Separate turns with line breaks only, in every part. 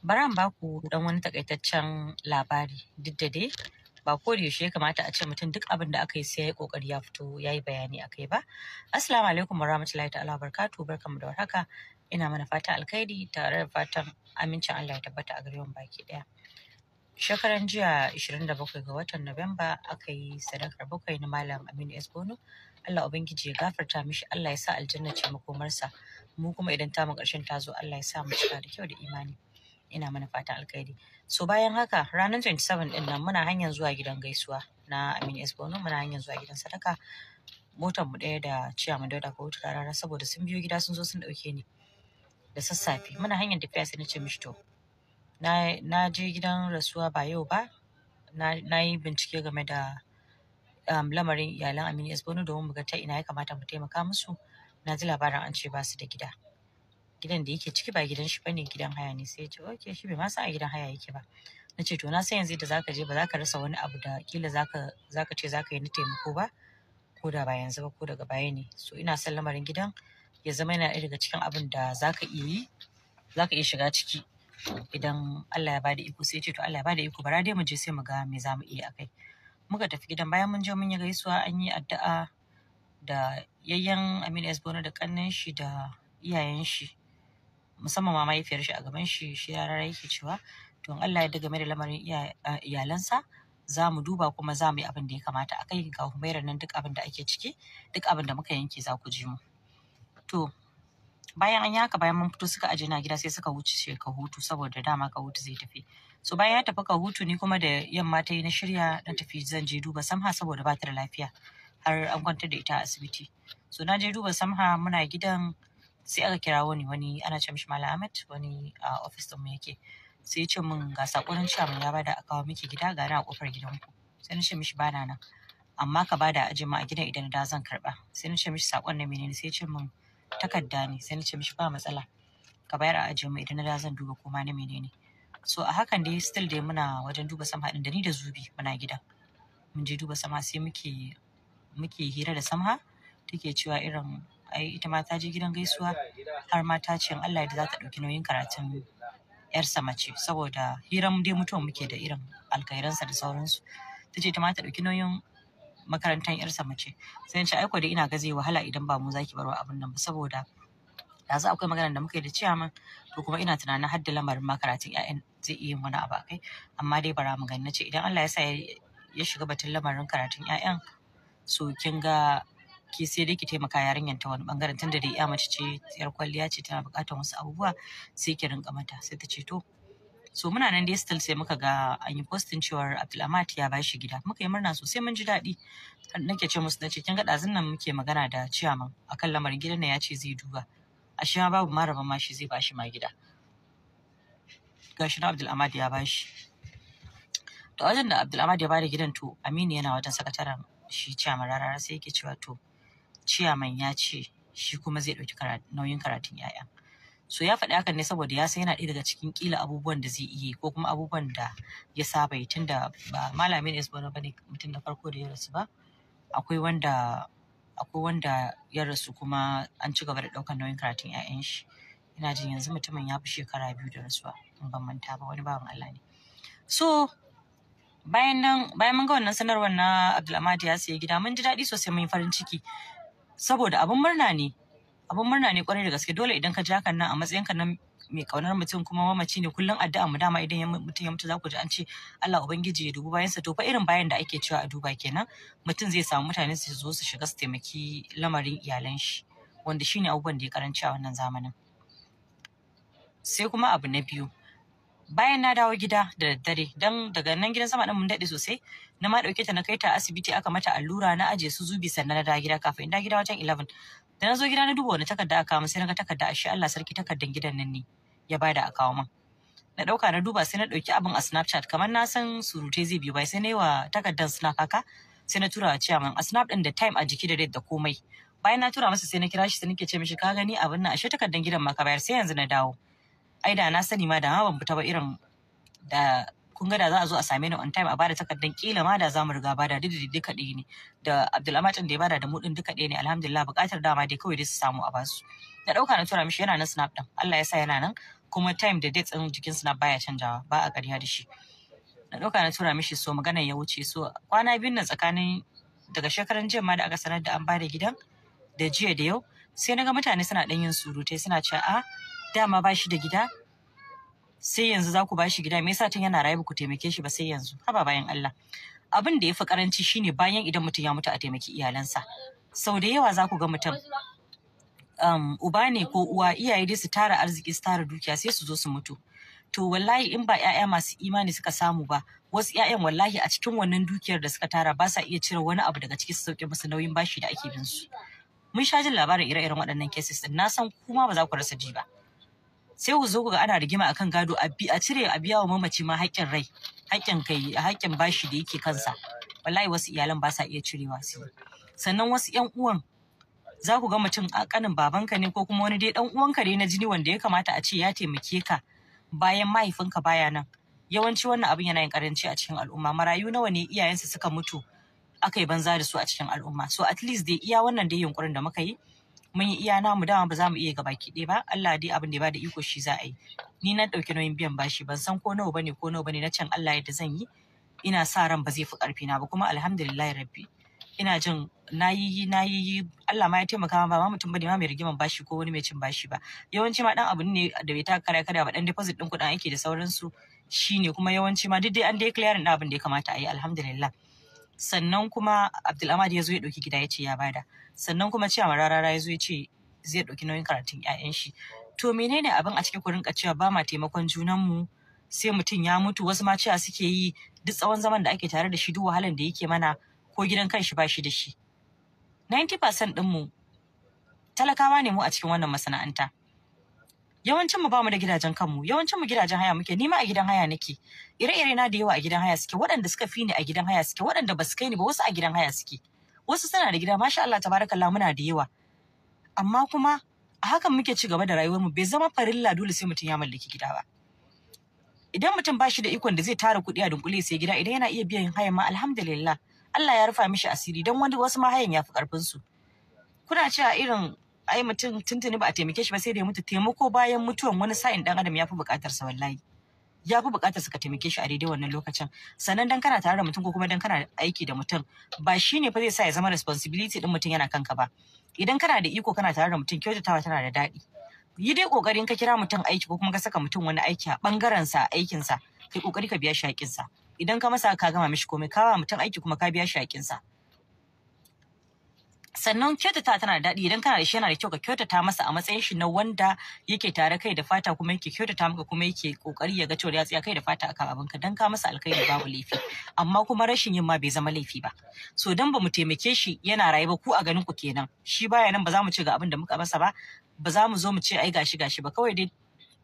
Baran ba ku dan wani takaitaccen labari duk da dai ba ko da yaushe ya kamata a ce mutum duk abin da aka yi sai ya kokari ya fito ya yi bayani a kai ba. Assalamu alaikum warahmatullahi ta'ala barkatu barkamu da warhaka ina mana fatan alkhairi tare da fatan amincin Allah ya tabbata a garin baki daya. Shekaran jiya 27 ga watan Nuwamba aka yi sadakar bakwai na Malam Aminu S. Bono. Allah Ubangiji ya gafarta mishi Allah ya sa aljanna ce makomarsa. Mu kuma idan tamu ƙarshen ta zo Allah ya sa mu cika da kyau da imani. ina mana fatan alkhairi so bayan haka ranar 27 din nan muna hanyar zuwa gidan gaisuwa na Aminu S Bono muna hanyar zuwa gidan sadaka motar mu daya da ciya mu dauda ko rara saboda sun biyo gida sun zo sun ɗauke ni da sassafe muna hanyar tafiya sai na ce mishi to na je gidan rasuwa ba yau ba na yi bincike game da um, lamarin iyalan Aminu S Bono domin mu ga ta ina ya kamata mu taimaka musu na ji labarin an ce ba su da gida gidan da yake ciki ba gidan shi bane gidan haya ne sai ya ce okay shi bai ma san a gidan haya yake ba na ce to na san yanzu da zaka je ba zaka rasa wani abu da kila zaka zaka ce zaka yi na taimako ba ko da ba yanzu ba ko daga baya ne so ina son lamarin gidan ya zama yana daga cikin abin da zaka iya yi zaka iya shiga ciki idan Allah ya bada iko sai ya ce to Allah ya bada iko bara dai mu je sai mu ga me za mu iya akai muka tafi gidan bayan mun je mun yi gaisuwa an yi addu'a da yayyan Aminu S. Bono da kannan shi da iyayen shi musamman ma mahaifiyar shi a gaban shi shi ya rara yake cewa to Allah ya daga mai da lamarin iyalansa za mu duba kuma za mu yi abin da ya kamata a kai ga humairar nan duk abin da ake ciki duk abin da muka yanke za ku ji mu to bayan an yi bayan mun fito suka aje na gida sai suka wuce ka hutu saboda dama ka hutu zai tafi so bayan ya tafi ka hutu ni kuma da yamma ta yi na shirya na tafi zan je duba samha saboda ba ta da lafiya har an kwantar da ita a asibiti so na je duba samha muna gidan sai aka kira wani wani ana ce mishi malam ahmed wani a ofis din mu yake sai ya ce min ga sakonin chairman ya bada a kawo miki gida ga na kofar gidanku sai na ce mishi bana nan amma ka bada aje ma a gidan idan da zan karba sai na ce mishi sakon na menene sai ya ce min takarda ne sai na ce mishi ba matsala ka bayar a aje ma idan da zan duba koma na menene so a hakan dai still dai muna wajen duba sama din da ni da zubi muna gida mun je duba sama sai muke muke hira da sama take cewa irin ai ita ma ta je gidan gaisuwa har ma ta ce Allah da za ta ɗauki nauyin karatun yarsa mace saboda hiran dai mutuwa muke da irin alkairansa da sauransu ta ce ita ma ta ɗauki nauyin makarantar yarsa mace sai ce aiko da ina ga zai wahala idan ba mu zaki barwa abin nan ba saboda za akwai magana da muka yi da ciyaman to kuma ina tunanin har da lamarin makaratun ƴaƴan zai iya yin wani abu kai amma dai bara mu gani ce idan Allah ya sa ya shiga batun lamarin karatun ƴaƴan so kin ga ke sai dai ki taimaka yarinyar ta wani bangaren tunda dai iya mace ce yar kwalliya ce tana bukatar wasu abubuwa sai ki rinka mata sai ta ce to so muna nan dai still sai muka ga an yi postin cewar Abdulamat ya bashi gida muka yi murna sosai mun ji daɗi nake ce musu nace kin ga dazun nan muke magana da ciyaman akan lamarin gidan nan ya ce zai duba A ma babu maraba ma shi zai bashi ma gida gashi na ya bashi to wajen da Abdulhamad ya bada gidan to Aminu yana wajen sakataren shi ciyaman rarara sai yake cewa to ciyaman ya ce shi kuma zai ɗauki nauyin karatun 'ya'ya. So ya faɗi hakan ne saboda ya san yana ɗaya daga cikin ƙila abubuwan da zai iya ko kuma abubuwan da ya saba yi tunda ba malamin Esbona ba ne mutum da farko da ya rasu ba. Akwai wanda akwai wanda ya rasu kuma an ci gaba da ɗaukar nauyin karatun 'ya'yan shi. Ina jin yanzu mutumin ya fi shekara biyu da rasuwa in ban manta ba wani bawan Allah ne. So bayan nan bayan mun ga wannan sanarwar na Abdulhamad ya sayi gida mun ji daɗi sosai mun yi farin ciki saboda abin murna ne abin murna ne kwarai da gaske dole idan ka ji hakan nan a matsayinka na mai kaunar mutum kuma mamaci ne kullum addu'a mu dama idan mutum ya mutu za ku ji an ce Allah ubangiji ya dubi bayansa to fa irin bayan da ake cewa a duba kenan mutum zai samu mutane su zo su shiga su taimaki lamarin iyalan shi wanda shine abubuwan da ya karanci a wannan zamanin sai kuma abu na biyu bayan na dawo gida da daddare don daga nan gidan sama din mun daɗe sosai na ma ɗauke ta na kai ta asibiti aka mata allura na aje su zubi sannan na dawo gida kafin na gida wajen 11 da na zo gida na duba wani takarda aka min sai na ga takarda a Allah sarki takardan gidan nan ne ya bada a kawo min na ɗauka na duba sai na dauki abin a snapchat kamar na san surute zai biyu bai sai na yi wa takardan snap haka sai na tura cewa ciyaman a snap din da time a jiki da date da komai bayan na tura masa sai na kira shi sai nake ce mishi ka gani abin nan ashe takardan gidan ma ka bayar sai yanzu na dawo ai da na sani ma da ma ban fita ba irin da kun ga da za a zo a same ni on time a bada takardar kila ma da za mu riga bada didi duka ɗaya ne da Abdulamatin da ya bada da mu din duka ɗaya ne alhamdulillah buƙatar dama dai kawai dai su samu a basu na ɗauka na tura mishi yana nan snap ɗin Allah ya sa yana nan kuma time da date ɗin jikin snap baya canjawa ba a ƙarya da shi na ɗauka na tura mishi so maganar ya wuce so kwana biyun nan tsakanin daga shekaran jiya ma da aka sanar da an bada gidan da jiya da yau sai na ga mutane suna ɗan yin surutai suna cewa a ah, dama ba shi da gida sai yanzu za ku ba shi gida me sa tun yana raye ba ku taimake shi ba sai yanzu haba bayan Allah abin da ya fi karanci shine bayan idan mutum ya mutu a taimaki iyalansa sau da yawa za ku ga mutum um, uba ne ko uwa iyaye dai su tara arziki su tara dukiya sai su zo su mutu to wallahi in ba 'ya'ya masu imani suka samu ba wasu 'ya'yan wallahi a cikin wannan dukiyar da suka tara ba sa iya cire wani abu daga cikin su sauke musu nauyin bashi da ake bin su mun sha jin labarin ire-iren waɗannan cases din na san kuma ba za ku rasa ji ba sai ku zo ku ga ana rigima akan gado a a cire a biya wa mamaci ma haƙƙin rai haƙƙin kai haƙƙin bashi da yake kansa wallahi wasu iyalan ba sa iya cirewa su sannan wasu ƴan uwan za ku ga mutum a kanin babanka ne ko kuma wani dai dan uwanka ne na jini wanda ya kamata a ce ya taimake ka bayan mahaifinka baya nan yawanci wannan abin yana yin karanci a cikin al'umma marayu nawa ne iyayensa suka mutu aka yi banza da su a cikin al'umma so at least dai iya wannan dai yunkurin da muka yi mun yi iya namu dama ba za mu iya gabaki ɗaya ba Allah dai abin da ba da iko shi za a yi ni na ɗauki nauyin biyan bashi ban san ko nawa bane ko nawa bane na can Allah yadda zan yi ina sa ran ba zai fi karfi na ba kuma alhamdulillah rabbi ina jin na yi yi Allah ma ya taimaka ba ma mutum bane ma mai rigiman bashi ko wani mai cin bashi ba yawanci ma dan abu ne da bai taka kare kada ba dan deposit din kuɗin ake da sauransu shine kuma yawanci ma duk dai an dai clearing abin da ya kamata a yi alhamdulillah sannan kuma abdulamadi ya zo ya ɗauki gida ya ce ya bada sannan kuma ciyaman rarara ya zo ya ce zai ɗauki nauyin karatun 'ya'yan shi to menene abin a cikin kurin cewa ba ma taimakon mu sai mutum ya mutu wasu ma cewa suke yi duk tsawon zaman da ake tare da shi duk wahalan da yake mana ko gidan kan shi ba shi da shi 90% mu talakawa ne mu a cikin wannan masana'anta yawancin mu ba mu da gidajen kanmu yawancin mu gidajen haya muke nima a gidan haya nake ire-ire na da yawa a gidan haya suke waɗanda suka fi ni a gidan haya suke waɗanda ba su kai ni ba wasu a gidan haya suke wasu suna da gida masha Allah tabarakallah muna da yawa amma kuma a hakan muke ci gaba da rayuwar mu bai zama farilla dole sai mutum ya mallaki gida ba idan mutum ba shi da ikon da zai tara kuɗi a dunkule sai gida idan yana iya biyan hayan ma alhamdulillah Allah ya rufa mishi asiri don wani wasu ma hayan ya fi karfin su kuna cewa irin ai mutum tuntuni ba a taimake shi ba sai da ya mutu taimako bayan mutuwan wani sa'in dan adam ya fi buƙatar sa wallahi ya fi buƙatar ka taimake shi a daidai wannan lokacin sannan dan kana tare da mutum ko kuma dan kana aiki da mutum ba shi ne fa zai sa ya zama responsibility din mutum yana kanka ba idan kana da iko kana tare da mutum kyautatawa tana da daɗi yi dai kokarin ka kira mutum aiki ko kuma ka saka mutum wani aiki a bangaren sa aikin sa kai kokari ka biya shi haƙin sa idan ka masa ka gama mishi komai ka wa mutum aiki kuma ka biya shi haƙin sa sannan kyautata tana da daɗi idan kana da shi yana da kyau ka kyautata masa a matsayin shi na wanda yake tare kai da fata kuma yake kyautata maka kuma yake kokari ya ga cewa ya tsaya kai da fata akan abinka dan ka masa alkhairi babu laifi amma kuma rashin yin ma bai zama laifi ba so dan mu taimake shi yana rayu ba ku a ganin ku kenan shi baya nan ba za mu ce ga abin da muka masa ba ba za mu zo mu ce ai gashi gashi ba kawai dai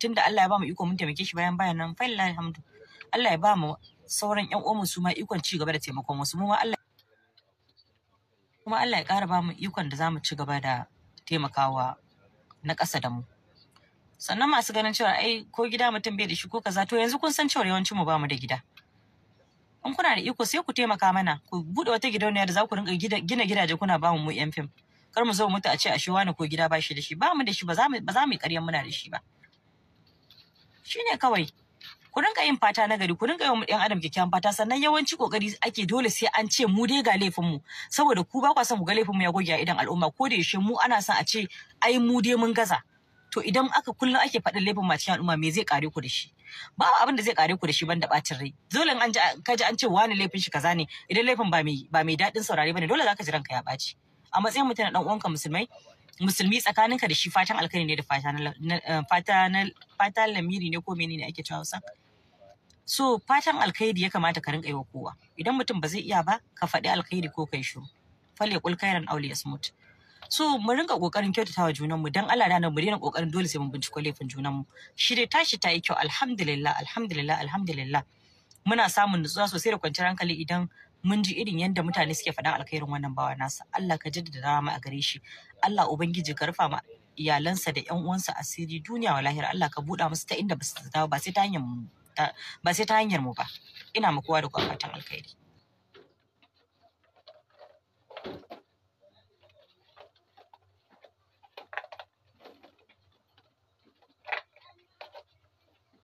tunda Allah ya ba mu iko mun taimake shi bayan bayan nan fa Allah ya ba mu sauran yan uwan mu su ma ikon ci gaba da taimakon wasu mu ma Allah kuma Allah ya ƙara ba mu ikon da za mu ci gaba da taimakawa na ƙasa da mu sannan masu ganin cewa ai ko gida mutum bai da shi ko kaza to yanzu kun san cewa yawancin mu bamu da gida in kuna da iko sai ku taimaka mana ku buɗe wata gidauniya da za ku rinka gina gidaje kuna bamu mu yan fim kar mu zo mutu a ce a shewa ko gida ba shi da shi ba mu da shi ba za mu yi ƙaryar muna da shi ba Shi ne kawai ku rinka yin fata na gari ku rinka yin yan adam kyakkyawan fata sannan yawanci kokari ake dole sai an ce mu dai ga laifin mu saboda ku ba kwa son ku ga laifin mu ya goge a idan al'umma ko da yaushe mu ana son a ce ai mu dai mun gaza to idan aka kullum ake faɗin laifin ma cikin al'umma me zai kare ku da shi ba abin da zai kare ku da shi da bacin rai dole an ka ji an ce wani laifin shi kaza ne idan laifin ba mai ba mai daɗin saurare bane dole zaka ji ranka ya ɓaci a matsayin mutane dan uwanka musulmai musulmi tsakanin ka da shi fatan alkhairi ne da eh, fata lamiri ne ko menene ake cewa Hausa so fatan alkhairi ya kamata ka rinka yi wa kowa idan mutum ba zai iya ba ka faɗi alkhairi ko kai shiru fale kul khairan aw liyasmut so mu rinka kokarin kyautatawa junan mu dan Allah dana mu daina kokarin dole sai mun binciko laifin junan mu shi dai tashi ta yi kyau alhamdulillah alhamdulillah alhamdulillah muna samun nutsuwa sosai da kwanciyar hankali idan mun ji irin yadda mutane suke faɗan alkhairin wannan bawa nasa Allah ka jaddada rama a gare shi Allah ubangiji ka rufa ma iyalansa da yan uwansa asiri duniya wa lahira Allah ka buɗa musu ta inda ba su ba ta hanyar mu ba ina ma kowa da kowa fatan alkhairi